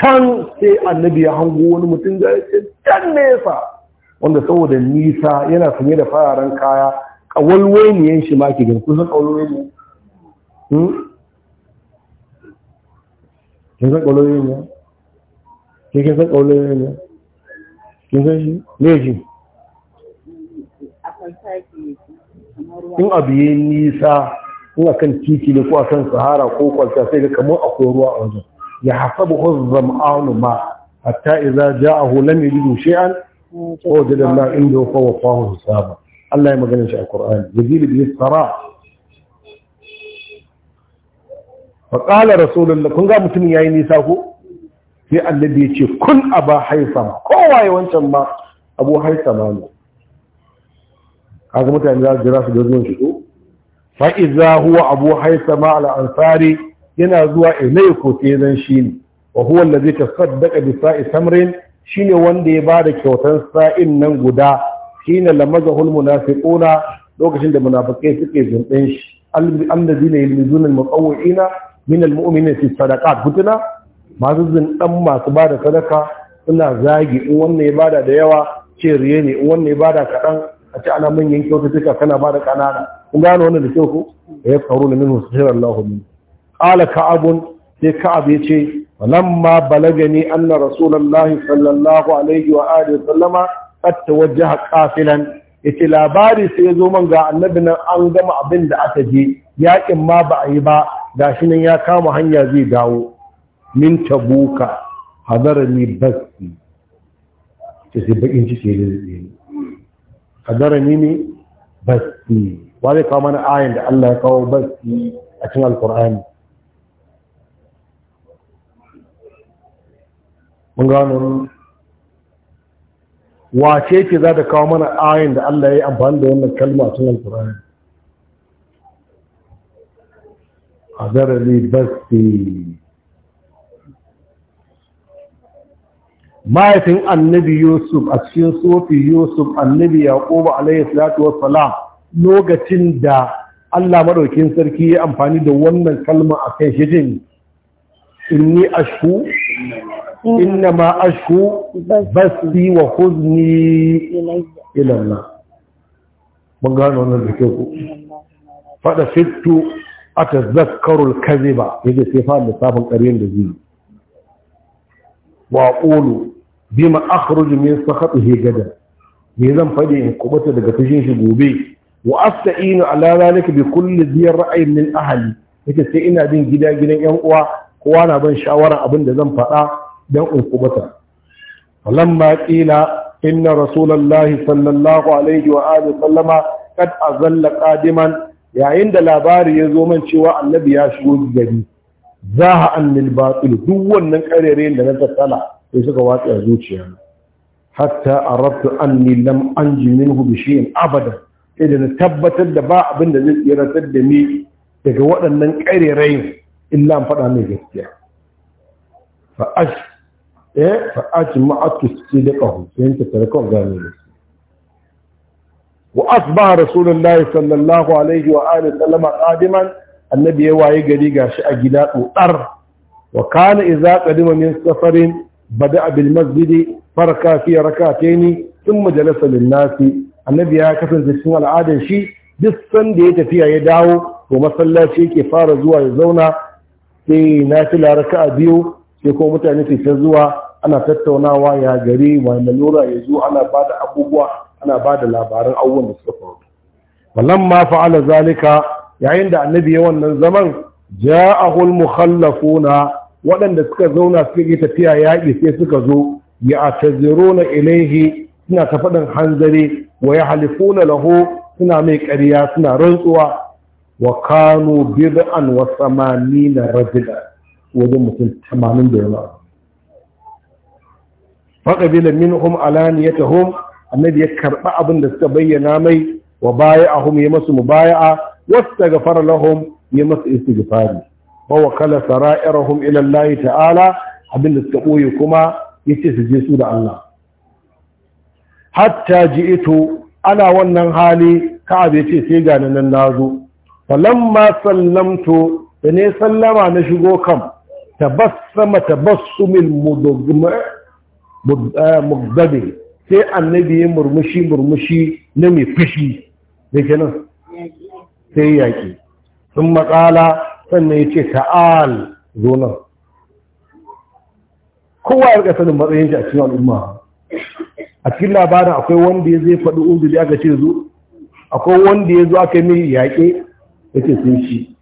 can sai annabi ya hango wani mutum da yake can nesa wanda saboda nisa yana sanye da fararen kaya kawalwaniyan shi ma ke gan kusan kawalwaniyan hmm? kin san kawalwaniyan ne kin san kawalwaniyan ne kin san shi me shi in abu yi nisa in a kan titi ne ko a kan sahara ko kwalta sai ga kamar akwai ruwa a wajen ya hasabu huzzam anu ma hatta idza ja'ahu an? yajidu shay'an da Allah inda fa wafahu hisaba Allah ya magana shi a Qur'ani yazil bi tsara. fa qala rasulullah kun ga mutum yayi nisa ko sai annabi ya ce kun aba haisama kowaye wancan ma abu haisama ne kaga mutane za su jira su gazuwan shi ko fa iza huwa abu haisama al ansari yana zuwa ilai ko sai zan shi ne wa huwa allazi tasaddaqa bi sa'i samrin shine wanda ya bada kyautan sa'in nan guda shine lamazahul munafiquna lokacin da munafikai suke zunɗin shi allazi ne yulmizuna al muqawwi'ina min al mu'minina fi sadaqat kutuna masu zindan masu ba da sadaka suna zagi in wannan ya bada da yawa ce riye ne in wannan ya bada kaɗan a ci ana manyan kyaututtuka kana ba da ƙanana kun gano wannan da kyau ko ya eh, faru da minhu sirran lahu min qala ka'abun sai ka'ab ya ce lamma balagani anna rasulullahi sallallahu alaihi wa alihi sallama qad tawajjaha qafilan yace labari sai ya zo man ga annabi nan an gama abin da aka je yakin ma ba a yi ba gashi nan ya kama hanya zai dawo min tabuka hadarani basi ce sai bakin ciki ya zai ne hadarani ne basi wa zai kawo mana ayin da Allah ya kawo basi a cikin alkur'ani mun gano wace ce za ta kawo mana ayin da Allah ya yi amfani da wannan kalma a cikin alkur'ani hadarani basi mahaifin annabi yusuf a cikin sofi yusuf annabi yaqubu alayhi salatu wassalam lokacin da Allah madaukin sarki ya amfani da wannan kalma a kan shi jin inni ashku inna ma ashku basti wa huzni ila Allah mun gano wannan da ku fada fitu atazakkaru al-kadhiba yaje sai fa lissafin ƙaryen da zai wa aqulu bima akhruju min sakhatihi gada me zan fadi in kubuta daga fushin shi gobe wa asta'inu ala zalika bi kulli dhi ra'yin min ahli yake sai ina bin gida gidan yan uwa kowa na ban shawara abin da zan faɗa dan in kubuta falamma qila inna rasulullahi sallallahu alaihi wa alihi sallama kad azalla qadiman yayin da labari ya zo man cewa annabi ya shigo gari zaha an lil batil duk wannan karerayen da na tattala sai suka watsa a zuciya hatta a rabtu an nilam an jinin hu shay'in abada sai da na tabbatar da ba abin da zai tsiratar da ni daga waɗannan ƙarerayin illa an faɗa mai gaskiya fa ash eh fa ash ma'atu sidqahu sai ta tarko gane su wa asbaha rasulullahi sallallahu alaihi wa alihi sallama qadiman annabi ya waye gari gashi a gida tsotsar wa kana idza qadima min safarin bada abil masjidi farka fi rakataini thumma jalasa lin nasi annabi ya kasance cikin al'adar shi duk sanda ya tafiya ya dawo to masallaci ke fara zuwa ya zauna sai nafila raka'a biyu sai kuma mutane su ta zuwa ana tattaunawa ya gari wani lalura ya zo ana ba da abubuwa ana ba da labaran abubuwan da suka faru wannan ma fa'ala zalika yayin da annabi ya wannan zaman ja'ahul mukhallafuna waɗanda suka zauna suka yi tafiya yaƙi sai suka zo ya na ilaihi suna ta faɗin hanzari wa ya na laho suna mai ƙarya suna rantsuwa wa kanu bid'an wa na rajila wajen mutum tamanin da yawa alani ya tahum annabi ya karɓa abin da suka bayyana mai wa baya a hum ya masu mubaya'a wasu daga fara lahum ya masu gifari. wa wakala sara'irahum ila Allah ta'ala abin da suka koyi kuma yace su je su da Allah hatta ji'tu ana wannan hali ka'ab yace sai ga nan nazo falamma sallamtu da ne sallama na shigo kam tabassama tabassumil mudghma mudghadi sai annabi ya murmushi murmushi na mai fushi da kenan sai yaki sun matsala sannan ya ce ta'al zo kowa ya rika sanin matsayin shi a cikin al'umma a cikin labarin akwai wanda ya zai faɗi da aka ce zo akwai wanda ya zo aka yi mai yaƙe ya ce sun shi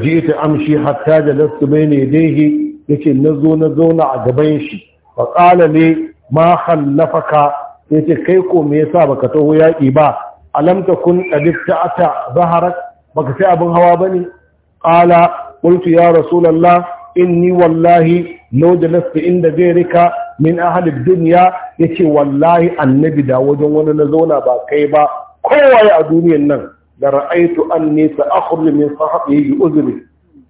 ji ita amshi hatta da lasu mai ne dai ya ce na zo na zauna a gaban shi ba ƙala ne ma hallafaka ya ce kai ko me yasa baka taho yaƙi ba alamta kun ɗalif ta zaharar baka sai abin hawa bane qala qultu ya rasulullah inni wallahi law jalastu inda ghayrika min ahli dunya yace wallahi annabi da wajen wani na zauna ba kai ba kowaye a duniyar nan da ra'aitu anni sa'akhruj min sahbihi bi uzri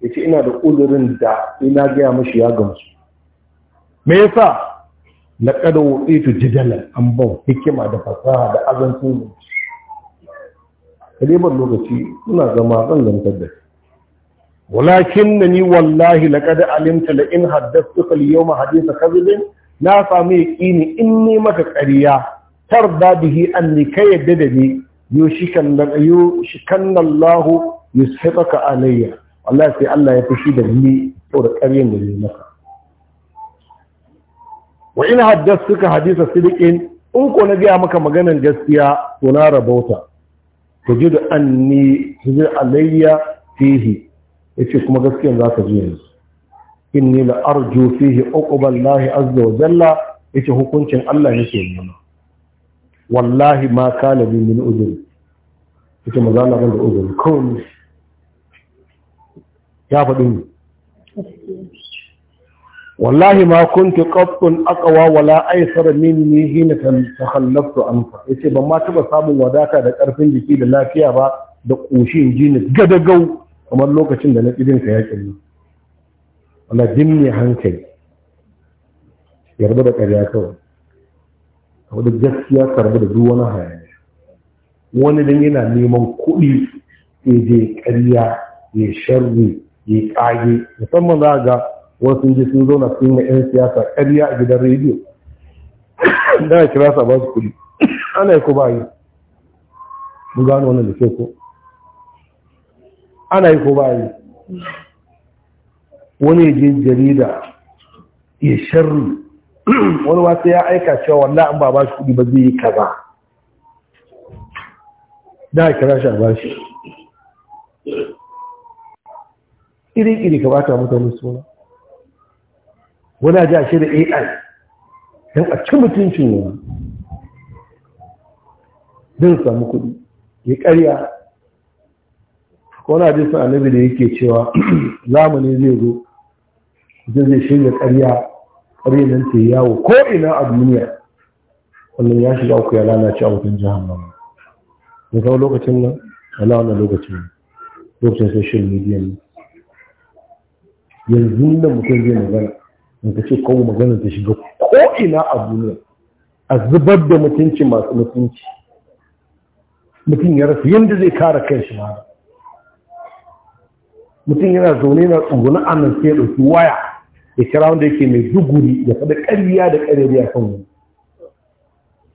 yace ina da uzurin da ina ga mashi ya gamsu me yasa laqad wuditu jidalan an bau hikima da fasaha da azancin kalibar lokaci suna zama a da walakin na ni wallahi laƙad alimta da in haddastuka al-yawma haditha kadhibin na samu yaqini in ni maka tar da bihi anni ka yadda da ni yushikan la yushikan ya yushitaka alayya wallahi sai Allah ya fushi da ni da ƙaryan da ni maka wa in tuka hadisa sidikin in ko na gaya maka maganan gaskiya to na rabauta tajidu anni tajidu alayya fihi yace kuma gaskiya za ka ji yanzu inni la arju fihi uqbal lahi azza wa jalla yace hukuncin Allah nake nuna. wallahi ma kana bi min uzuri yace maza na da uzuri kawai ya faɗi wallahi ma kuntu qattun aqwa wala aysar minni hina takhallaftu anfa yace ban ma taba samun wadata da karfin jiki da lafiya ba da koshin jini gadagau kamar lokacin da na idin ka yake ni Allah dimmi hankali yarda da ƙarya kawai abu da gaskiya karbi da duk wani hayani wani dan yana neman kuɗi sai je ƙarya ya sharri ya ƙage musamman za ga wasu ji sun na sun yi yan siyasa ƙarya a gidan rediyo da ya kira sa ba su kuɗi ana yi ko ba yi mu gano wannan da ko ana yi ko ba yi wani ya je jarida ya sharri wani wata ya aika cewa wallah an ba ba shi kudi ba zai yi kaza da ya kira shi a iri-iri ka bata mutane suna wani ji a shi da ai don a ci mutuncin yana don samu kuɗi ya karya wani hadisun annabi da yake cewa zamani zai zo zai zai shirya karya karya nan ta yawo ko ina a duniya wannan ya shiga uku ya lalace a wutan mamu da kawo lokacin nan a wannan lokacin lokacin social media yanzu nan mutum zai magana da ke kawo magana ta shiga ko'ina a duniya a zubar da mutunci masu mutunci mutum ya rasu yadda zai kare kanshi ma mutum yana zaune na tsungu na annan sai ya ɗauki waya ya kira wanda yake mai duguri ya faɗa ƙarya da ƙarya a kan wani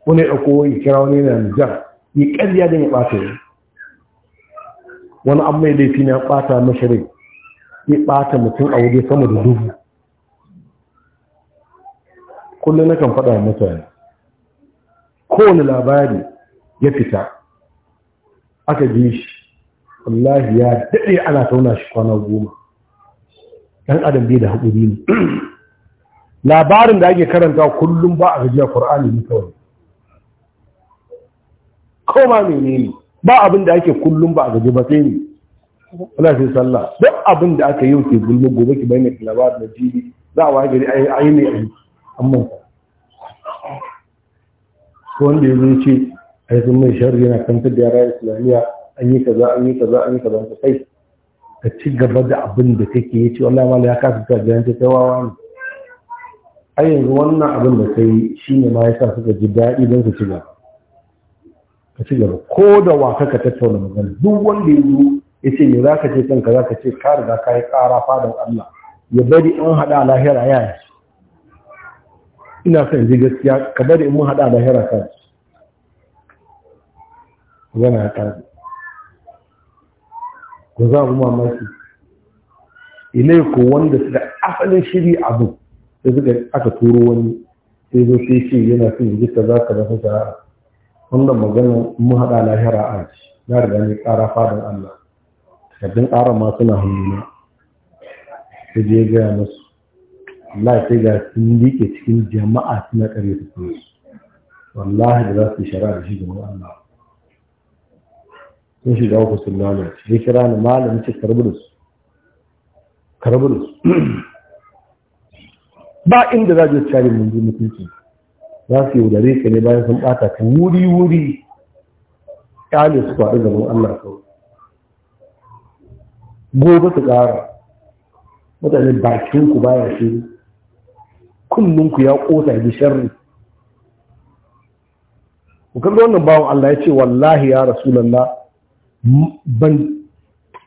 wani ya ɗauko ya kira wani yana nijar ya ƙarya da ya ɓata ya wani an mai laifi na ɓata mashi rai ya ɓata mutum a waje sama da dubu kullum na kan faɗa mutane kowane labari ya fita aka ji shi wallahi ya daɗe ana tauna shi kwana goma ɗan adam bai da haƙuri ne labarin da ake karanta kullum ba a gajiya ƙur'ani ne kawai koma mene ne ba abin da ake kullum ba a gaji ba sai ne wala sai sallah duk abin da aka yi wuce gulmi gobe ki bayyana labarin da jibi za a waje gari ayi ne yi. an manta ko wanda ya zo ce ai sun mai shari'a yana kantar da yara islamiyya an yi kaza an yi kaza an yi kaza ta kai ka ci gaba da abin da kake yi ce wani amala ya kasa ta biyan ta kai wawa ne a yanzu wannan abin da kai ne ma ya sa suka ji daɗi don su ci gaba ka ci gaba ko da wa ka tattauna magana duk wanda ya zo ya ce me za ka ce kanka za ka ce ka riga ka yi ƙara fadan Allah ya bari an haɗa lahira ya yi ina son ji gaskiya ka bari in mun haɗa da hira kan yana ya ƙari ku za mu mamaki ilai ko wanda su da asalin shiri abu sai suka aka turo wani sai zo sai ce yana son ji ka za ka zafi wanda wannan maganin mun haɗa lahira a ci na riga ne ƙara fadin Allah takardun ƙara ma suna hannuna sai je gaya masu Allah sai ga sun liƙe cikin jama'a suna ƙarya su kuma wallahi da za su shara da shi wani Allah sun shiga uku sun shi ya kira ni malam ce karbulus karbulus ba inda za su cari mun ji mutunci za su dare ka ne bayan sun ɓata ka wuri-wuri ƙyale su faɗi gaban Allah kawai gobe su ƙara mutane bakin ku baya shi kullunku ya kosa da sharri ku kaga wannan bawo Allah ya ce wallahi ya rasulallah ban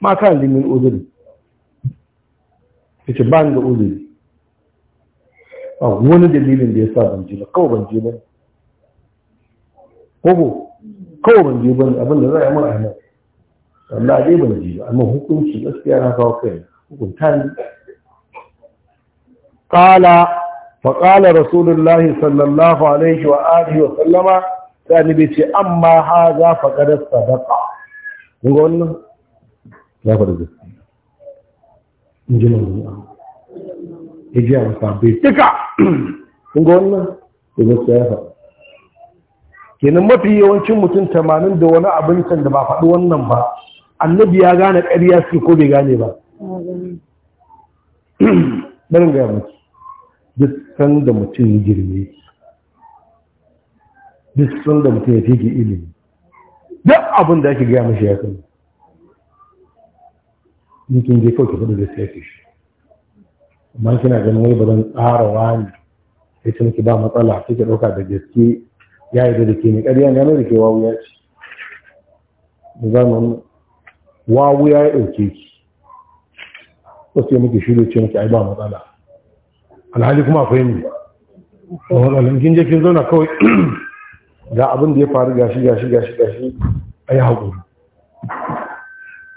ma kan min uzuri ya ce ban da uzuri a wani dalilin da ya sa ban je ba kawai ban je ba ko kawai ban je ba abin da za a yi mara hanyar Allah dai ban je ba amma hukunci gaskiya na kawo kai hukunta ne قال faƙalar rasulullahi sallallahu alaihi wa wa sallama ta nibe amma ha za faƙadar sadaka yin wannan ya faɗi da in ji nan ya ji a sabbi duka yin ga wannan da gaskiya ya faɗi kenan mafi yawancin mutum tamanin da wani abincin da ba faɗi wannan ba annabi ya gane ƙarya su ko bai gane ba duk sanda mutum ya girme duk sanda mutum ya fige ilimi duk abin da ake gaya mashi ya kan mutum je kawai faɗi da sai shi amma kina ganin wai ba tsara wani sai ce miki ba matsala sai kike ɗauka da gaske ya yi da ke ne ƙarya ne da ke wawu ya ci zanen wawuya ya ɗauke ki wasu ya muke shiru ce muke ai ba matsala alhali kuma akwai ne a matsalin kin je kin zauna kawai ga abin da ya faru gashi gashi gashi gashi a yi haƙuri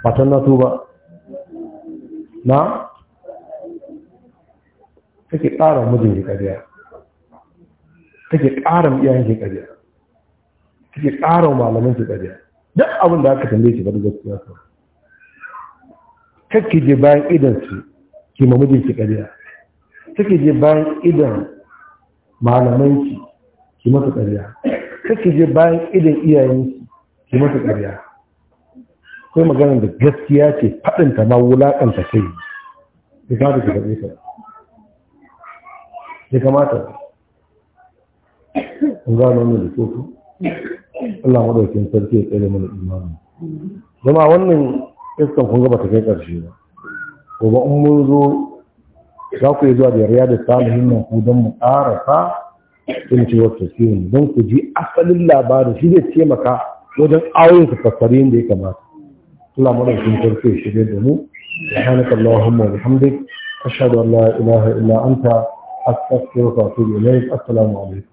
fatan na tuba na take ƙara mijin ki ƙariya take ƙara iyayen ki ƙariya take ƙara malamin ki ƙariya duk abin da aka tambaye ki ba ya gaskiya kawai je bayan idan su ki mamijin ki ƙarya take je bayan idan malamanki ki mata ƙarya take je bayan idan iyayenki ki mata ƙarya kai maganar da gaskiya ce faɗinta ma wulaƙanta kai ya kamata ki faɗe ta ya kamata an gano wannan da tsoko Allah madaukin sarki ya tsere mana imani zama wannan iskan kun ga ba ta kai ƙarshe ba gobe in mun zo za ku yi zuwa da da salihin nan ku don mu ƙarasa in ci wata siyun don ku ji asalin labarin shi zai taimaka wajen auren su fassari da ya kamata Allah mara sun farko ya shirya da mu subhanaka allahumma wa bihamdik ashhadu an la ilaha illa anta astaghfiruka wa atubu ilayk assalamu alaikum